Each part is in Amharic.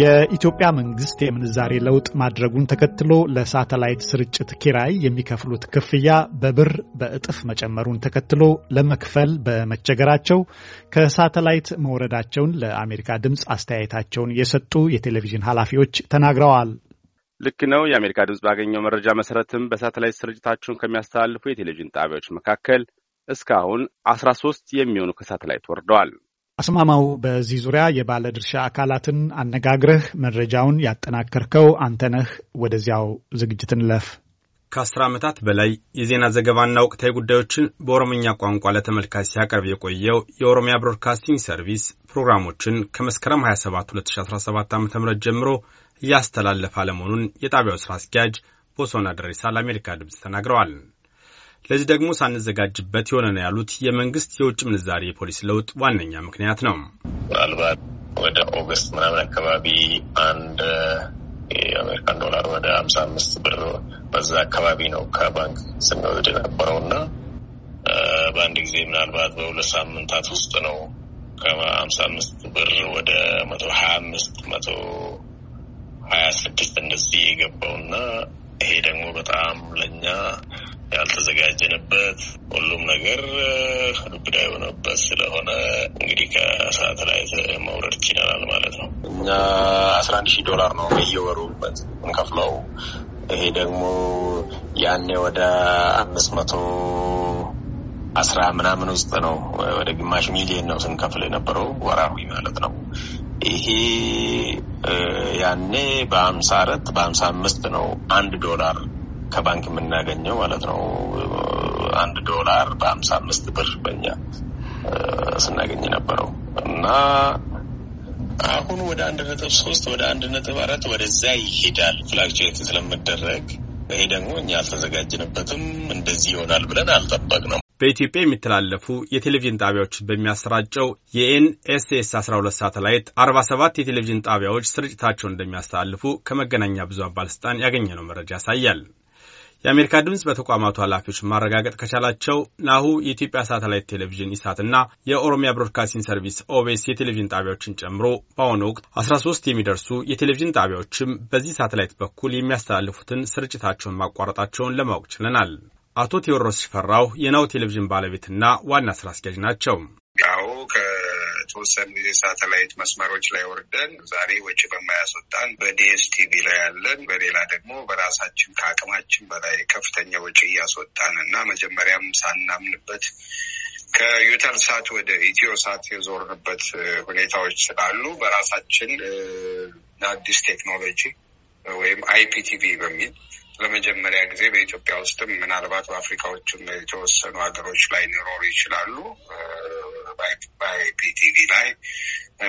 የኢትዮጵያ መንግስት የምንዛሬ ለውጥ ማድረጉን ተከትሎ ለሳተላይት ስርጭት ኪራይ የሚከፍሉት ክፍያ በብር በእጥፍ መጨመሩን ተከትሎ ለመክፈል በመቸገራቸው ከሳተላይት መውረዳቸውን ለአሜሪካ ድምፅ አስተያየታቸውን የሰጡ የቴሌቪዥን ኃላፊዎች ተናግረዋል። ልክ ነው። የአሜሪካ ድምፅ ባገኘው መረጃ መሰረትም በሳተላይት ስርጭታቸውን ከሚያስተላልፉ የቴሌቪዥን ጣቢያዎች መካከል እስካሁን አስራ ሶስት የሚሆኑ ከሳተላይት ወርደዋል። አስማማው፣ በዚህ ዙሪያ የባለድርሻ አካላትን አነጋግረህ መረጃውን ያጠናከርከው አንተነህ። ወደዚያው ዝግጅት እንለፍ። ከአስር ዓመታት በላይ የዜና ዘገባና ወቅታዊ ጉዳዮችን በኦሮምኛ ቋንቋ ለተመልካች ሲያቀርብ የቆየው የኦሮሚያ ብሮድካስቲንግ ሰርቪስ ፕሮግራሞችን ከመስከረም 27 2017 ዓ ም ጀምሮ እያስተላለፈ አለመሆኑን የጣቢያው ሥራ አስኪያጅ ቦሶና ደሬሳ ለአሜሪካ ድምፅ ተናግረዋል። ለዚህ ደግሞ ሳንዘጋጅበት የሆነ ነው ያሉት የመንግስት የውጭ ምንዛሬ የፖሊሲ ለውጥ ዋነኛ ምክንያት ነው። ምናልባት ወደ ኦገስት ምናምን አካባቢ አንድ የአሜሪካን ዶላር ወደ ሀምሳ አምስት ብር በዛ አካባቢ ነው ከባንክ ስንወስድ የነበረው እና በአንድ ጊዜ ምናልባት በሁለት ሳምንታት ውስጥ ነው ከሀምሳ አምስት ብር ወደ መቶ ሀያ አምስት መቶ ሀያ ስድስት እንደዚህ እና ይሄ ደግሞ በጣም ለእኛ ያልተዘጋጀንበት ሁሉም ነገር ዱብዳ የሆነበት ስለሆነ እንግዲህ ከሰዓት ላይ መውረድ ይችላል ማለት ነው። እኛ አስራ አንድ ሺህ ዶላር ነው እየወሩበት እንከፍለው። ይሄ ደግሞ ያኔ ወደ አምስት መቶ አስራ ምናምን ውስጥ ነው ወደ ግማሽ ሚሊየን ነው ስንከፍል የነበረው ወራዊ ማለት ነው። ይሄ ያኔ በአምሳ አራት በአምሳ አምስት ነው አንድ ዶላር ከባንክ የምናገኘው ማለት ነው። አንድ ዶላር በሀምሳ አምስት ብር በኛ ስናገኝ ነበረው እና አሁን ወደ አንድ ነጥብ ሶስት ወደ አንድ ነጥብ አራት ወደዛ ይሄዳል ፍላክቹዌት ስለምደረግ ይሄ ደግሞ እኛ አልተዘጋጅንበትም። እንደዚህ ይሆናል ብለን አልጠበቅነው። በኢትዮጵያ የሚተላለፉ የቴሌቪዥን ጣቢያዎችን በሚያሰራጨው የኤንኤስኤስ 12 ሳተላይት 47 የቴሌቪዥን ጣቢያዎች ስርጭታቸውን እንደሚያስተላልፉ ከመገናኛ ብዙ ባለስልጣን ያገኘነው መረጃ ያሳያል። የአሜሪካ ድምፅ በተቋማቱ ኃላፊዎች ማረጋገጥ ከቻላቸው ናሁ የኢትዮጵያ ሳተላይት ቴሌቪዥን ኢሳትና የኦሮሚያ ብሮድካስቲንግ ሰርቪስ ኦቤስ የቴሌቪዥን ጣቢያዎችን ጨምሮ በአሁኑ ወቅት 13 የሚደርሱ የቴሌቪዥን ጣቢያዎችም በዚህ ሳተላይት በኩል የሚያስተላልፉትን ስርጭታቸውን ማቋረጣቸውን ለማወቅ ችለናል። አቶ ቴዎድሮስ ሽፈራው የናሁ ቴሌቪዥን ባለቤትና ዋና ስራ አስኪያጅ ናቸው። ናሁ በተወሰኑ የሳተላይት መስመሮች ላይ ወርደን ዛሬ ወጪ በማያስወጣን በዲኤስቲቪ ላይ ያለን፣ በሌላ ደግሞ በራሳችን ከአቅማችን በላይ ከፍተኛ ወጪ እያስወጣን እና መጀመሪያም ሳናምንበት ከዩተርሳት ወደ ኢትዮሳት የዞርንበት ሁኔታዎች ስላሉ በራሳችን አዲስ ቴክኖሎጂ ወይም አይፒቲቪ በሚል ለመጀመሪያ ጊዜ በኢትዮጵያ ውስጥም ምናልባት በአፍሪካዎችም የተወሰኑ ሀገሮች ላይ ሊኖሩ ይችላሉ በአይፒቲቪ ላይ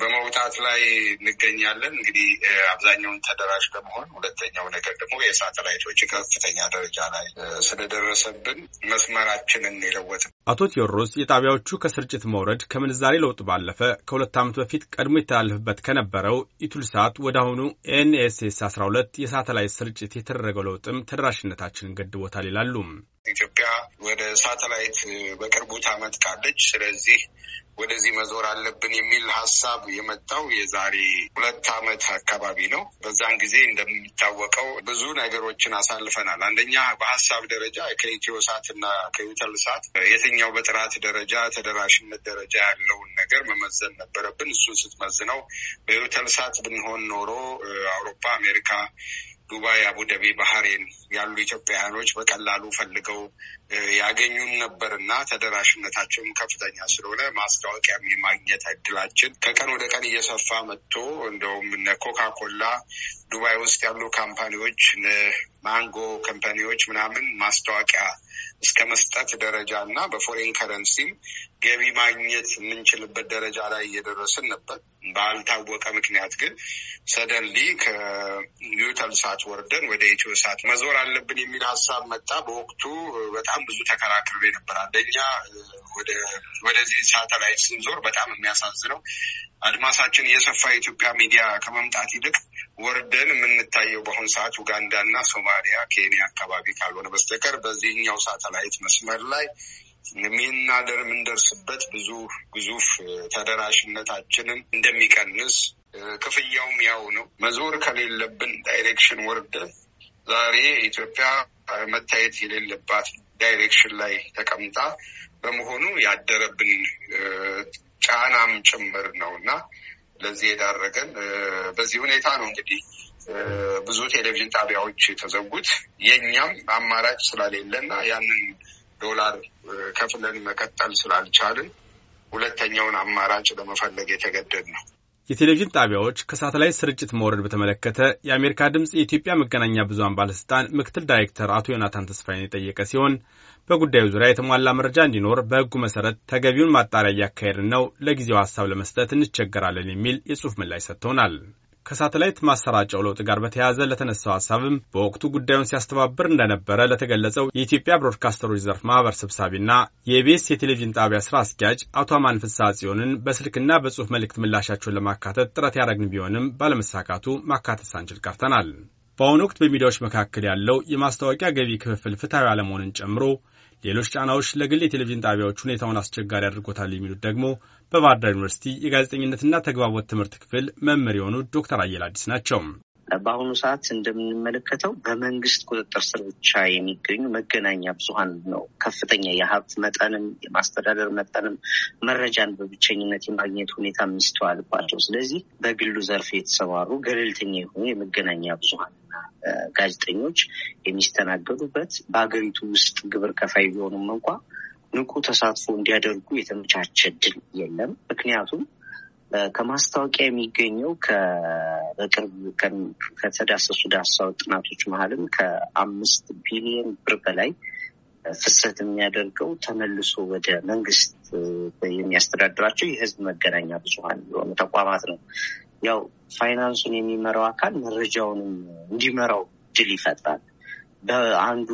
በመውጣት ላይ እንገኛለን። እንግዲህ አብዛኛውን ተደራሽ በመሆን ሁለተኛው ነገር ደግሞ የሳተላይቶች ከፍተኛ ደረጃ ላይ ስለደረሰብን መስመራችንን የለወጥ አቶ ቴዎድሮስ የጣቢያዎቹ ከስርጭት መውረድ ከምንዛሬ ለውጥ ባለፈ ከሁለት ዓመት በፊት ቀድሞ የተላለፍበት ከነበረው ኢቱልሳት ወደ አሁኑ ኤንኤስኤስ አስራ ሁለት የሳተላይት ስርጭት የተደረገው ለውጥም ተደራሽነታችንን ገድቦታል ይላሉ። ኢትዮጵያ ወደ ሳተላይት በቅርቡ ታመጥቃለች። ስለዚህ ወደዚህ መዞር አለብን የሚል ሀሳብ የመጣው የዛሬ ሁለት ዓመት አካባቢ ነው። በዛን ጊዜ እንደሚታወቀው ብዙ ነገሮችን አሳልፈናል። አንደኛ በሀሳብ ደረጃ ከኢትዮ ሳት እና ከዩተል ሳት የትኛው በጥራት ደረጃ ተደራሽነት ደረጃ ያለውን ነገር መመዘን ነበረብን። እሱን ስትመዝነው በዩተል ሳት ብንሆን ኖሮ አውሮፓ፣ አሜሪካ ዱባይ፣ አቡደቢ፣ ባህሬን ያሉ ኢትዮጵያውያኖች በቀላሉ ፈልገው ያገኙን ነበር እና ተደራሽነታቸውም ከፍተኛ ስለሆነ ማስታወቂያም የማግኘት እድላችን ከቀን ወደ ቀን እየሰፋ መጥቶ እንደውም እነ ዱባይ ውስጥ ያሉ ካምፓኒዎች ማንጎ ካምፓኒዎች ምናምን ማስታወቂያ እስከ መስጠት ደረጃ እና በፎሬን ከረንሲም ገቢ ማግኘት የምንችልበት ደረጃ ላይ እየደረስን ነበር። ባልታወቀ ምክንያት ግን ሰደንሊ ከኒውተል ሳት ወርደን ወደ ኢትዮ ሳት መዞር አለብን የሚል ሀሳብ መጣ። በወቅቱ በጣም ብዙ ተከራክሬ ነበር። አንደኛ ወደዚህ ሳተላይት ስንዞር በጣም የሚያሳዝነው አድማሳችን የሰፋ የኢትዮጵያ ሚዲያ ከመምጣት ይልቅ ወርደን የምንታየው በአሁኑ ሰዓት ና ሶማሊያ፣ ኬንያ አካባቢ ካልሆነ በስተቀር በዚህኛው ሳተላይት መስመር ላይ የሚናደር የምንደርስበት ብዙ ግዙፍ ተደራሽነታችንን እንደሚቀንስ ክፍያውም ያው ነው። መዞር ከሌለብን ዳይሬክሽን ወርደ ዛሬ ኢትዮጵያ መታየት የሌለባት ዳይሬክሽን ላይ ተቀምጣ በመሆኑ ያደረብን ጫናም ጭምር ነው እና ለዚህ የዳረገን በዚህ ሁኔታ ነው እንግዲህ ብዙ ቴሌቪዥን ጣቢያዎች የተዘጉት። የእኛም አማራጭ ስለሌለና ያንን ዶላር ከፍለን መቀጠል ስላልቻልን ሁለተኛውን አማራጭ ለመፈለግ የተገደድ ነው። የቴሌቪዥን ጣቢያዎች ከሳተላይት ስርጭት መውረድ በተመለከተ የአሜሪካ ድምፅ የኢትዮጵያ መገናኛ ብዙኃን ባለስልጣን ምክትል ዳይሬክተር አቶ ዮናታን ተስፋይን የጠየቀ ሲሆን በጉዳዩ ዙሪያ የተሟላ መረጃ እንዲኖር በሕጉ መሰረት ተገቢውን ማጣሪያ እያካሄድን ነው፣ ለጊዜው ሀሳብ ለመስጠት እንቸገራለን የሚል የጽሑፍ ምላሽ ሰጥተውናል። ከሳተላይት ማሰራጫው ለውጥ ጋር በተያያዘ ለተነሳው ሀሳብም በወቅቱ ጉዳዩን ሲያስተባብር እንደነበረ ለተገለጸው የኢትዮጵያ ብሮድካስተሮች ዘርፍ ማህበር ሰብሳቢና የኢቢኤስ የቴሌቪዥን ጣቢያ ስራ አስኪያጅ አቶ አማን ፍስሐ ጽዮንን በስልክና በጽሁፍ መልእክት ምላሻቸውን ለማካተት ጥረት ያደረግን ቢሆንም ባለመሳካቱ ማካተት ሳንችል ቀርተናል። በአሁኑ ወቅት በሚዲያዎች መካከል ያለው የማስታወቂያ ገቢ ክፍፍል ፍትሐዊ አለመሆንን ጨምሮ ሌሎች ጫናዎች ለግል የቴሌቪዥን ጣቢያዎች ሁኔታውን አስቸጋሪ አድርጎታል የሚሉት ደግሞ በባህር ዳር ዩኒቨርሲቲ የጋዜጠኝነትና ተግባቦት ትምህርት ክፍል መምህር የሆኑት ዶክተር አየል አዲስ ናቸው። በአሁኑ ሰዓት እንደምንመለከተው በመንግስት ቁጥጥር ስር ብቻ የሚገኙ መገናኛ ብዙሀን ነው ከፍተኛ የሀብት መጠንም የማስተዳደር መጠንም መረጃን በብቸኝነት የማግኘት ሁኔታ የሚስተዋልባቸው። ስለዚህ በግሉ ዘርፍ የተሰማሩ ገለልተኛ የሆኑ የመገናኛ ብዙሀን ጋዜጠኞች የሚስተናገዱበት በሀገሪቱ ውስጥ ግብር ከፋይ ቢሆኑም እንኳ ንቁ ተሳትፎ እንዲያደርጉ የተመቻቸ ድል የለም። ምክንያቱም ከማስታወቂያ የሚገኘው በቅርብ ከተዳሰሱ ዳሰሳ ጥናቶች መሀልም ከአምስት ቢሊዮን ብር በላይ ፍሰት የሚያደርገው ተመልሶ ወደ መንግስት የሚያስተዳድራቸው የህዝብ መገናኛ ብዙሀን የሆኑ ተቋማት ነው። ያው ፋይናንሱን የሚመራው አካል መረጃውንም እንዲመራው ድል ይፈጥራል። በአንዱ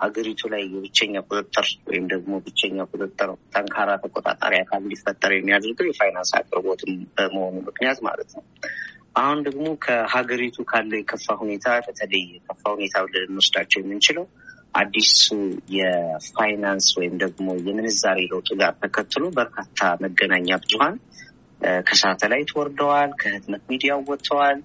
ሀገሪቱ ላይ የብቸኛ ቁጥጥር ወይም ደግሞ ብቸኛ ቁጥጥር ጠንካራ ተቆጣጣሪ አካል እንዲፈጠር የሚያደርገው የፋይናንስ አቅርቦትም በመሆኑ ምክንያት ማለት ነው። አሁን ደግሞ ከሀገሪቱ ካለው የከፋ ሁኔታ በተለይ የከፋ ሁኔታ ልንወስዳቸው የምንችለው አዲሱ የፋይናንስ ወይም ደግሞ የምንዛሬ ለውጥ ጋር ተከትሎ በርካታ መገናኛ ብዙሀን ከሳተላይት ወርደዋል፣ ከህትመት ሚዲያ ወጥተዋል።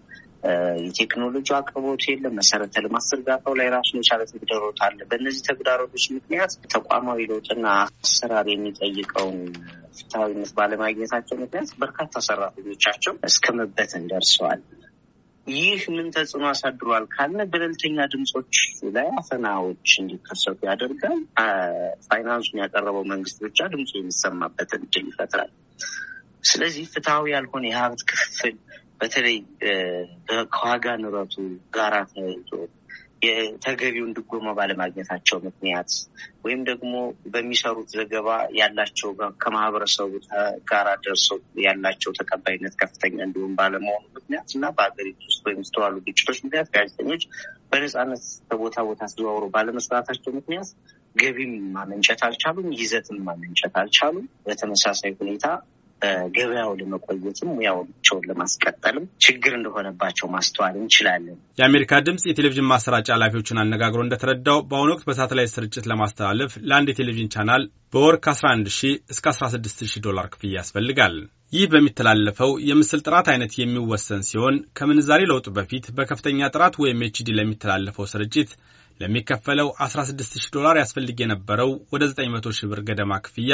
የቴክኖሎጂ አቅርቦት የለም። መሰረተ ልማት ዝርጋታው ላይ ራሱ የቻለ ተግዳሮት አለ። በእነዚህ ተግዳሮቶች ምክንያት ተቋማዊ ለውጥና አሰራር የሚጠይቀውን ፍትሐዊነት ባለማግኘታቸው ምክንያት በርካታ ሰራተኞቻቸው እስከ መበተን ደርሰዋል። ይህ ምን ተጽዕኖ አሳድሯል ካለ ገለልተኛ ድምፆች ላይ አፈናዎች እንዲከሰቱ ያደርጋል። ፋይናንሱን ያቀረበው መንግስት ብቻ ድምፁ የሚሰማበትን እድል ይፈጥራል። ስለዚህ ፍትሐዊ ያልሆነ የሀብት ክፍፍል በተለይ ከዋጋ ንረቱ ጋራ ተያይዞ የተገቢውን ድጎማ ባለማግኘታቸው ምክንያት ወይም ደግሞ በሚሰሩት ዘገባ ያላቸው ከማህበረሰቡ ጋራ ደርሰው ያላቸው ተቀባይነት ከፍተኛ እንዲሁም ባለመሆኑ ምክንያት እና በሀገሪቱ ውስጥ በሚስተዋሉ ግጭቶች ምክንያት ጋዜጠኞች በነፃነት ከቦታ ቦታ ተዘዋውሮ ባለመስራታቸው ምክንያት ገቢም ማመንጨት አልቻሉም፣ ይዘትም ማመንጨት አልቻሉም። በተመሳሳይ ሁኔታ በገበያው ለመቆየትም ሙያቸውን ለማስቀጠልም ችግር እንደሆነባቸው ማስተዋል እንችላለን። የአሜሪካ ድምፅ የቴሌቪዥን ማሰራጫ ኃላፊዎችን አነጋግሮ እንደተረዳው በአሁኑ ወቅት በሳተላይት ስርጭት ለማስተላለፍ ለአንድ የቴሌቪዥን ቻናል በወር ከ11 ሺህ እስከ 16 ሺህ ዶላር ክፍያ ያስፈልጋል። ይህ በሚተላለፈው የምስል ጥራት አይነት የሚወሰን ሲሆን ከምንዛሬ ለውጡ በፊት በከፍተኛ ጥራት ወይም ኤችዲ ለሚተላለፈው ስርጭት ለሚከፈለው 16000 ዶላር ያስፈልግ የነበረው ወደ 900 ሺህ ብር ገደማ ክፍያ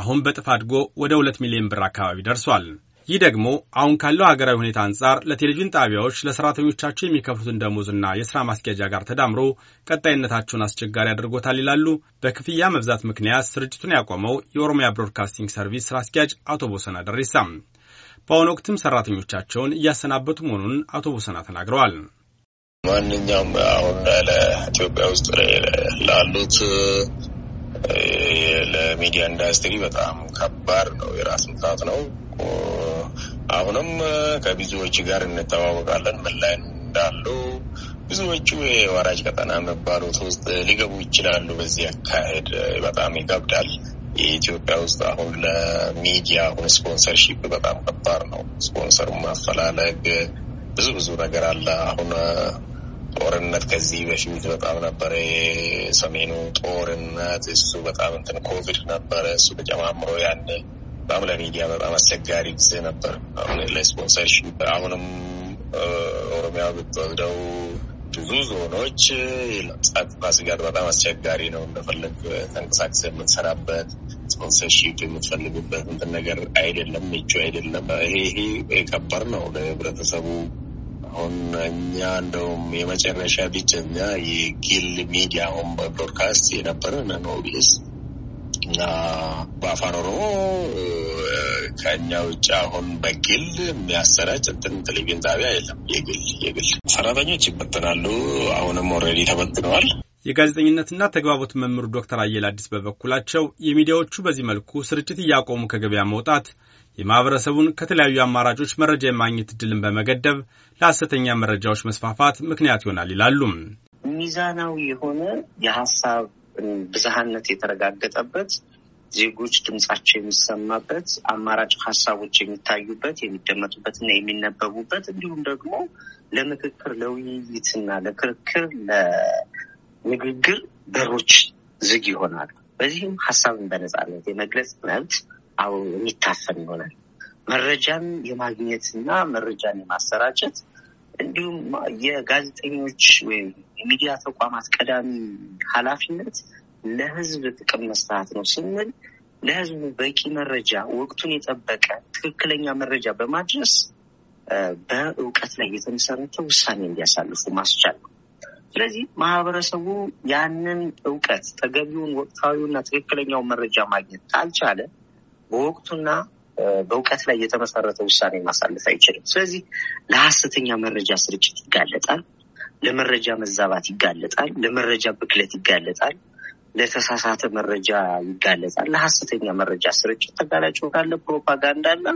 አሁን በጥፍ አድጎ ወደ 2 ሚሊዮን ብር አካባቢ ደርሷል። ይህ ደግሞ አሁን ካለው ሀገራዊ ሁኔታ አንጻር ለቴሌቪዥን ጣቢያዎች ለሰራተኞቻቸው የሚከፍሉትን ደሞዝና የሥራ ማስኪያጃ ጋር ተዳምሮ ቀጣይነታቸውን አስቸጋሪ አድርጎታል ይላሉ በክፍያ መብዛት ምክንያት ስርጭቱን ያቆመው የኦሮሚያ ብሮድካስቲንግ ሰርቪስ ስራ አስኪያጅ አቶ ቦሰና ደሪሳም። በአሁኑ ወቅትም ሰራተኞቻቸውን እያሰናበቱ መሆኑን አቶ ቦሰና ተናግረዋል። ማንኛውም አሁን ኢትዮጵያ ውስጥ ላሉት ለሚዲያ ኢንዱስትሪ በጣም ከባድ ነው፣ የራስ ምታት ነው። አሁንም ከብዙዎች ጋር እንተዋወቃለን ምን ላይ እንዳሉ ብዙዎቹ የወራጅ ቀጠና የሚባሉት ውስጥ ሊገቡ ይችላሉ። በዚህ አካሄድ በጣም ይከብዳል። የኢትዮጵያ ውስጥ አሁን ለሚዲያ አሁን ስፖንሰርሺፕ በጣም ከባድ ነው። ስፖንሰሩ ማፈላለግ ብዙ ብዙ ነገር አለ አሁን ጦርነት ከዚህ በፊት በጣም ነበረ። የሰሜኑ ጦርነት እሱ በጣም እንትን ኮቪድ ነበረ። እሱ ተጨማምሮ ያለ በጣም ለሚዲያ በጣም አስቸጋሪ ጊዜ ነበር። አሁን ለስፖንሰርሺፕ አሁንም ኦሮሚያ ብትወስደው ብዙ ዞኖች ጸጥታ ስጋት በጣም አስቸጋሪ ነው። እንደፈለግ ተንቀሳቅሰ የምትሰራበት ስፖንሰርሺፕ የምትፈልግበት እንትን ነገር አይደለም፣ ምቹ አይደለም። ይሄ ይሄ ከባድ ነው ለህብረተሰቡ አሁን እኛ እንደውም የመጨረሻ ብቸኛ የግል ሚዲያ ሆን ብሮድካስት የነበረ ኦቢኤስ እና በአፋን ኦሮሞ ከእኛ ውጭ አሁን በግል የሚያሰራጭ እንትን ቴሌቪዥን ጣቢያ የለም። የግል የግል ሰራተኞች ይበትናሉ። አሁንም ኦልሬዲ ተበትነዋል። የጋዜጠኝነትና ተግባቦት መምህሩ ዶክተር አየል አዲስ በበኩላቸው የሚዲያዎቹ በዚህ መልኩ ስርጭት እያቆሙ ከገበያ መውጣት የማህበረሰቡን ከተለያዩ አማራጮች መረጃ የማግኘት እድልን በመገደብ ለሐሰተኛ መረጃዎች መስፋፋት ምክንያት ይሆናል ይላሉም። ሚዛናዊ የሆነ የሀሳብ ብዝሃነት የተረጋገጠበት ዜጎች ድምጻቸው የሚሰማበት አማራጭ ሀሳቦች የሚታዩበት የሚደመጡበትና የሚነበቡበት እንዲሁም ደግሞ ለምክክር ለውይይትና ለክርክር ለንግግር በሮች ዝግ ይሆናል። በዚህም ሀሳብን በነጻነት የመግለጽ መብት አሁን የሚታሰብ ይሆናል። መረጃን የማግኘትና መረጃን የማሰራጨት እንዲሁም የጋዜጠኞች ወይም የሚዲያ ተቋማት ቀዳሚ ኃላፊነት ለሕዝብ ጥቅም መስራት ነው ስንል ለሕዝቡ በቂ መረጃ ወቅቱን የጠበቀ ትክክለኛ መረጃ በማድረስ በእውቀት ላይ የተመሰረተ ውሳኔ እንዲያሳልፉ ማስቻል ነው። ስለዚህ ማህበረሰቡ ያንን እውቀት ተገቢውን ወቅታዊና ትክክለኛውን መረጃ ማግኘት ካልቻለ በወቅቱና በእውቀት ላይ የተመሰረተ ውሳኔ ማሳለፍ አይችልም። ስለዚህ ለሀሰተኛ መረጃ ስርጭት ይጋለጣል፣ ለመረጃ መዛባት ይጋለጣል፣ ለመረጃ ብክለት ይጋለጣል፣ ለተሳሳተ መረጃ ይጋለጣል። ለሀሰተኛ መረጃ ስርጭት ተጋላጭ ካለ ፕሮፓጋንዳ እና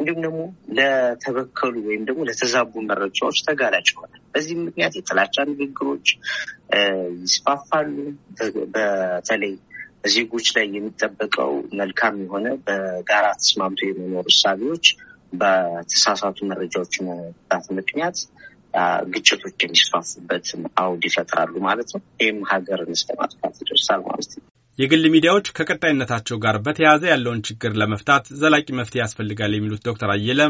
እንዲሁም ደግሞ ለተበከሉ ወይም ደግሞ ለተዛቡ መረጃዎች ተጋላጭ ይሆናል። በዚህም ምክንያት የጥላቻ ንግግሮች ይስፋፋሉ። በተለይ ዜጎች ላይ የሚጠበቀው መልካም የሆነ በጋራ ተስማምቶ የመኖር እሳቤዎች በተሳሳቱ መረጃዎች መጣት ምክንያት ግጭቶች የሚስፋፉበትን አውድ ይፈጥራሉ ማለት ነው። ይህም ሀገርን እስከ ማጥፋት ይደርሳል ማለት ነው። የግል ሚዲያዎች ከቀጣይነታቸው ጋር በተያያዘ ያለውን ችግር ለመፍታት ዘላቂ መፍትሄ ያስፈልጋል የሚሉት ዶክተር አየለ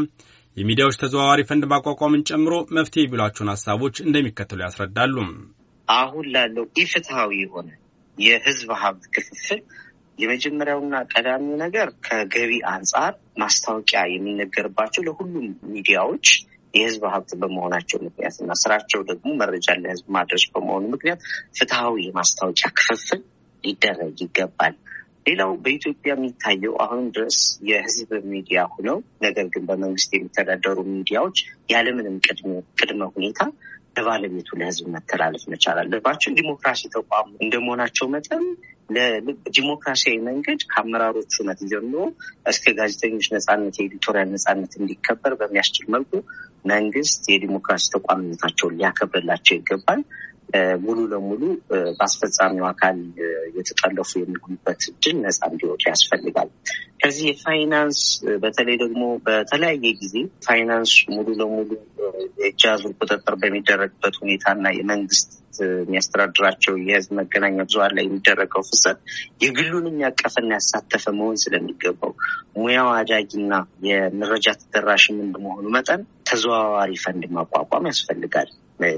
የሚዲያዎች ተዘዋዋሪ ፈንድ ማቋቋምን ጨምሮ መፍትሄ የሚሏቸውን ሀሳቦች እንደሚከተሉ ያስረዳሉ። አሁን ላለው ኢፍትሐዊ የሆነ የህዝብ ሀብት ክፍፍል የመጀመሪያውና ቀዳሚው ነገር ከገቢ አንጻር ማስታወቂያ የሚነገርባቸው ለሁሉም ሚዲያዎች የህዝብ ሀብት በመሆናቸው ምክንያት እና ስራቸው ደግሞ መረጃ ለህዝብ ማድረስ በመሆኑ ምክንያት ፍትሐዊ የማስታወቂያ ክፍፍል ሊደረግ ይገባል። ሌላው በኢትዮጵያ የሚታየው አሁንም ድረስ የህዝብ ሚዲያ ሆነው ነገር ግን በመንግስት የሚተዳደሩ ሚዲያዎች ያለምንም ቅድመ ሁኔታ ለባለቤቱ ለህዝብ መተላለፍ መቻል አለባቸው። ዲሞክራሲ ተቋም እንደመሆናቸው መጠን ለዲሞክራሲያዊ መንገድ ከአመራሮቹ ነት ጀምሮ እስከ ጋዜጠኞች ነጻነት፣ የኤዲቶሪያል ነጻነት እንዲከበር በሚያስችል መልኩ መንግስት የዲሞክራሲ ተቋምነታቸውን ሊያከብርላቸው ይገባል። ሙሉ ለሙሉ በአስፈጻሚው አካል የተጠለፉ የሚሆኑበት እድል ነጻ እንዲወጡ ያስፈልጋል። ከዚህ የፋይናንስ በተለይ ደግሞ በተለያየ ጊዜ ፋይናንስ ሙሉ ለሙሉ የእጅ አዙር ቁጥጥር በሚደረግበት ሁኔታ እና የመንግስት የሚያስተዳድራቸው የህዝብ መገናኛ ብዙሀን ላይ የሚደረገው ፍሰት የግሉንም ያቀፈና ያሳተፈ መሆን ስለሚገባው ሙያው አዳጊና የመረጃ ተደራሽም እንደመሆኑ መጠን ተዘዋዋሪ ፈንድ ማቋቋም ያስፈልጋል።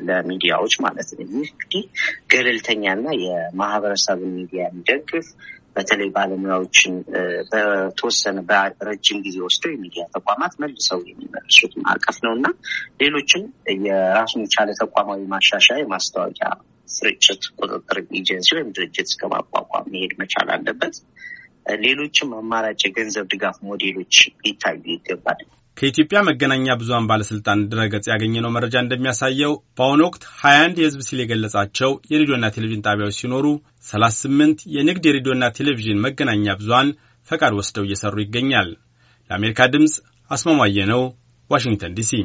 ለሚዲያዎች ማለት ነው። ይህ እንግዲህ ገለልተኛና የማህበረሰብ ሚዲያ የሚደግፍ በተለይ ባለሙያዎችን በተወሰነ በረጅም ጊዜ ወስዶ የሚዲያ ተቋማት መልሰው የሚመልሱት ማዕቀፍ ነው እና ሌሎችም የራሱን የቻለ ተቋማዊ ማሻሻያ የማስታወቂያ ስርጭት ቁጥጥር ኤጀንሲ ወይም ድርጅት እስከ ማቋቋም መሄድ መቻል አለበት። ሌሎችም አማራጭ የገንዘብ ድጋፍ ሞዴሎች ሊታዩ ይገባል። ከኢትዮጵያ መገናኛ ብዙሀን ባለስልጣን ድረገጽ ያገኘነው መረጃ እንደሚያሳየው በአሁኑ ወቅት 21 የህዝብ ሲል የገለጻቸው የሬዲዮና ቴሌቪዥን ጣቢያዎች ሲኖሩ 38 የንግድ የሬዲዮና ቴሌቪዥን መገናኛ ብዙኃን ፈቃድ ወስደው እየሰሩ ይገኛል። ለአሜሪካ ድምፅ አስማማየ ነው፣ ዋሽንግተን ዲሲ